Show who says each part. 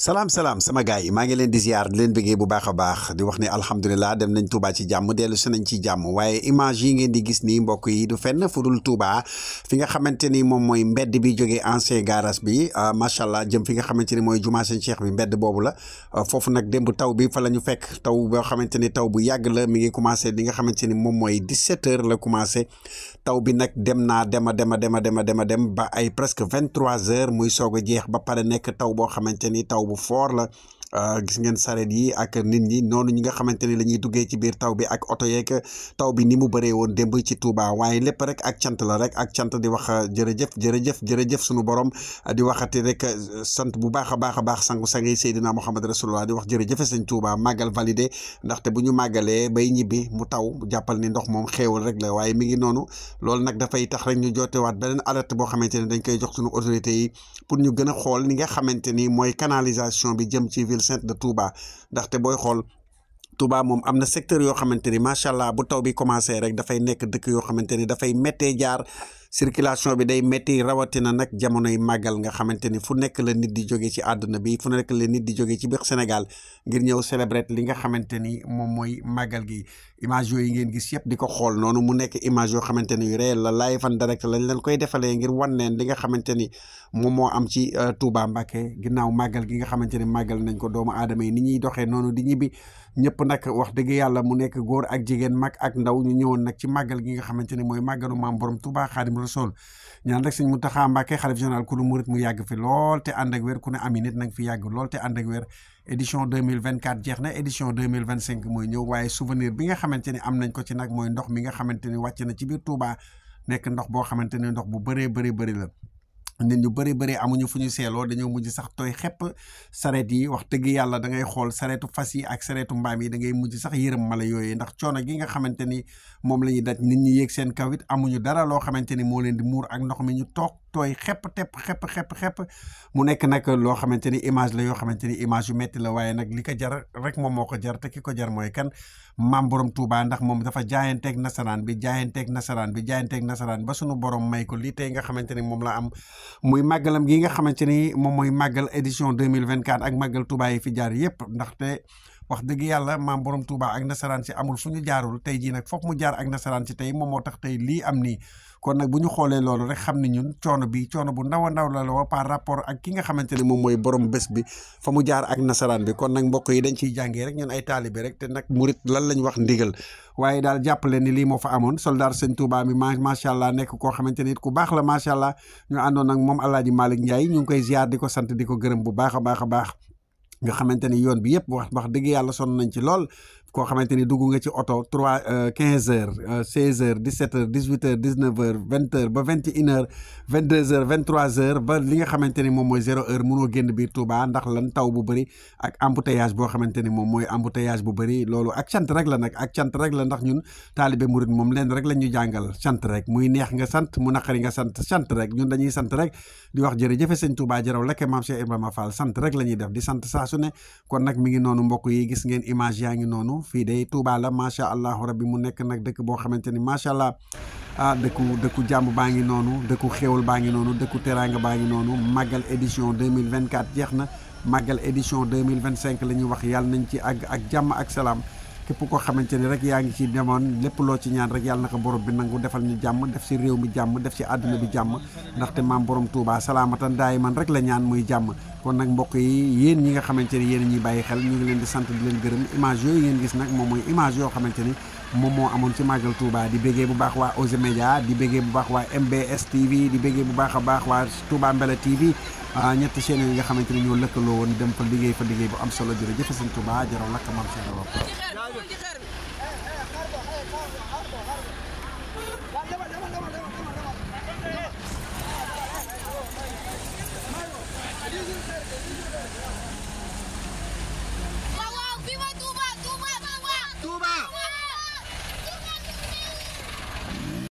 Speaker 1: salaam salaam sama gars yi maa ngi leen di leen bëggee bu baax a baax di wax ne alhamdulilah dem nañ Touba ci jàmm dellu si nañ ci jàmm waaye image yi ngeen di gis nii mbokk yi du fenn fu dul Touba fi nga xamante ni moom mooy mbedd bi jógee ancien garage bi ah, macha allah jëm fi nga xamante ni mooy jumaa seen cheikh bi mbedd boobu la ah, foofu nag démb taw bi fa la ñu fekk taw boo xamante ni taw bu yàgg la mi ngi commencé li nga xamante ni moom mooy 17 heures la commencé taw bi nag dem naa dem a dem a dema a dem ba ay presque trois heures muy soog a jeex ba pare nekk taw boo xamante ni taw como Forlan, Euh, gis ngeen sareet yi ak nit ñi noonu ñi nga xamante ne la ñuy duggee ci biir taw bi ak oto yeeg taw bi ni mu bëree woon démb ci Touba waaye lépp rek ak cant la rek ak cant di wax euh, jërëjëf jërëjëf jërëjëf sunu borom euh, di waxati rek sant bu baax a baax a baax sangu sangay Seydina Mouhamed Rasulullah di wax jërëjëf sëñ Touba màggal validé ndaxte bu ñu màggalee bay ñibbi mu taw jàppal ni ndox moom xéewal rek la waaye mi ngi noonu loolu nag dafay tax rek ñu jootewaat beneen alerte boo xamante ne dañ koy jox sunu autorités yi pour ñu gën a xool ni nga xamante ni mooy canalisation bi jëm ci ville ville sainte de Touba ndaxte booy xool. Touba moom am na secteur yoo xamante ni macha allah bu taw bi commencé rek dafay nekk dëkk yoo xamante ni dafay méttee jaar circulation bi day métti rawatina nag jamonoy màggal nga xamante ni fu nekk la nit di jóge ci àdduna bi fu nekk la nit di jóge ci biir Sénégal ngir ñëw célébrer li nga xamante ni moom mooy màggal gi image yooyu ngeen yëpp di ko xool noonu mu nekk image yoo xamante ni yu réel la live lañ leen koy defalee ngir wan leen li nga xamante ni moom moo am ci euh, tubaa Mbacké ginnaaw màggal gi nga xamante ni màggal nañ ko doomu aadama yi ni ñuy doxee noonu di ñibbi ñëpp nag wax dëgg yàlla mu nekk góor ak jigéen mag ak ndaw ñu ñëwoon nag ci màggal gi nga xamante ne mooy màggalu maam borom Touba Xaadim Rasool ñaan rek sëñ Muntaxa Mbàkke xalif général ku lu murit mu yàgg fi lool te ànd ak wér ku ne ami nit nag fi yàgg lool te ànd ak wér édition 2024 jeex na édition 2025 mooy ñëw waaye souvenir bi nga xamante ni am nañ ko ci nag mooy ndox mi nga xamante ni wàcc na ci biir nekk ndox boo xamante ni ndox bu bëree bëri bëri la nit ñu bari bari amuñu fuñu seelo dañoo mujj sax toy xep saret yi wax dëgg yàlla da ngay xool saretu fas yi ak saretu mbaam yi da ngay mujj sax yërëm mala yooyu ndax coono gi nga xamante ni moom la ñuy daj nit ñi yéeg seen kawit amuñu dara loo xamante ni moo leen di muur ak ndox mi ñu toog tooy xepp tepp xepp xepp xepp mu nekk nag loo xamante ni image la yoo xamante ni image yu metti la waaye nag li ko jar rek moom moo ko jar te ki ko jar mooy kan maam borom Touba ndax moom dafa jaayanteeg nasaraan bi jaayanteeg nasaraan bi jaayanteeg nasaraan ba sunu borom may ko lii tey nga xamante ni moom la am muy màggalam gi nga xamante ni moom mooy màggal édition deux 2024 ak màggal Touba yi fi jaar yëpp ndaxte wax dëgg yàlla maam borom tuuba ak nasaraan si amul fu ñu jaarul tey jii nag foog mu jaar ak nasaraan si tey moom moo tax tey lii am nii kon nag bu ñu xoolee loolu rek xam ni ñun coono bi coono bu ndaw a ndaw la la par rapport ak ki nga xamante ne moom mooy borom bés bi fa mu jaar ak nasaraan bi kon nag mbokk yi dañ ciy jàngee rek ñun ay taalibe rek te nag murit lan lañ wax ndigal waaye daal jàpp leen ni lii moo fa amoon soldaar sëñ tuuba mi ma macha allah nekk koo xamante ne it ku baax la macha allah ñu àndoon nag moom alaaji malik ndiaye ñu ngi koy ziar di ko sant di ko gërëm bu baax a baax a baax nga xamante ne yoon bi yëpp wax wax dëgg yàlla sonn nañ ci lool koo xamante ni dugg nga ci oto trois euh, quinze heures euh, seize heures dix sept heures dix huit heures dix neuf heures vingt heures ba vingt et une ba li nga xamante ni moom mooy zéro heure munoo génn biir Touba ndax lan taw bu bëri ak embouteillage boo xamante ni moom mooy embouteillage bu bëri loolu ak sant rek la nag ak cant rek la ndax ñun taalibe murit moom leen rek la ñu jàngal sant rek muy neex nga sant mu naqari nga sant sant rek ñun dañuy sant rek di wax jërëjëf sëñ Touba jaraw lekke maam Cheikh Ibrahima Fall rek la ñuy di sant saa su ne kon nag mi ngi noonu mbokk yi gis ngeen image yaa ngi noonu fii day Touba la macha allah bi mu nekk nag dëkk boo xamante ni macha allah ah dëkku dëkku jàmm baa ngi noonu dëkku xéewal baa ngi noonu dëkku teraanga baa ngi noonu màggal édition 2024 jeex na màggal édition 2025 la ñuy wax yàlla nañ ci àgg ak jàmm ak salaam. képp koo xamante ni rek yaa ngi ci demoon lépp loo ci ñaan rek yàlla na ko borom bi nangu defal ñu jàmm def si réew mi jàmm def si àdduna bi jàmm ndaxte maam borom Touba salaamatan daay man rek la ñaan muy jàmm kon nag mbokk yi yéen ñi nga xamante ni yéen ñuy bàyyi xel ñu ngi leen di sant di leen gërëm image yooyu ngeen gis nag moom mooy image yoo xamante ni moom moo amoon ci màggal Touba di béggee bu baax waa Ose Média di béggee bu baax waa MBS TV di béggee bu baax a baax waa Touba Mbella TV ah, ñetti chaîne yi nga xamante ne ñoo lëkkaloo woon dem fa liggéey fa liggéey bu am solo jërëjëf sëñ Touba jaral lakk a Cheikh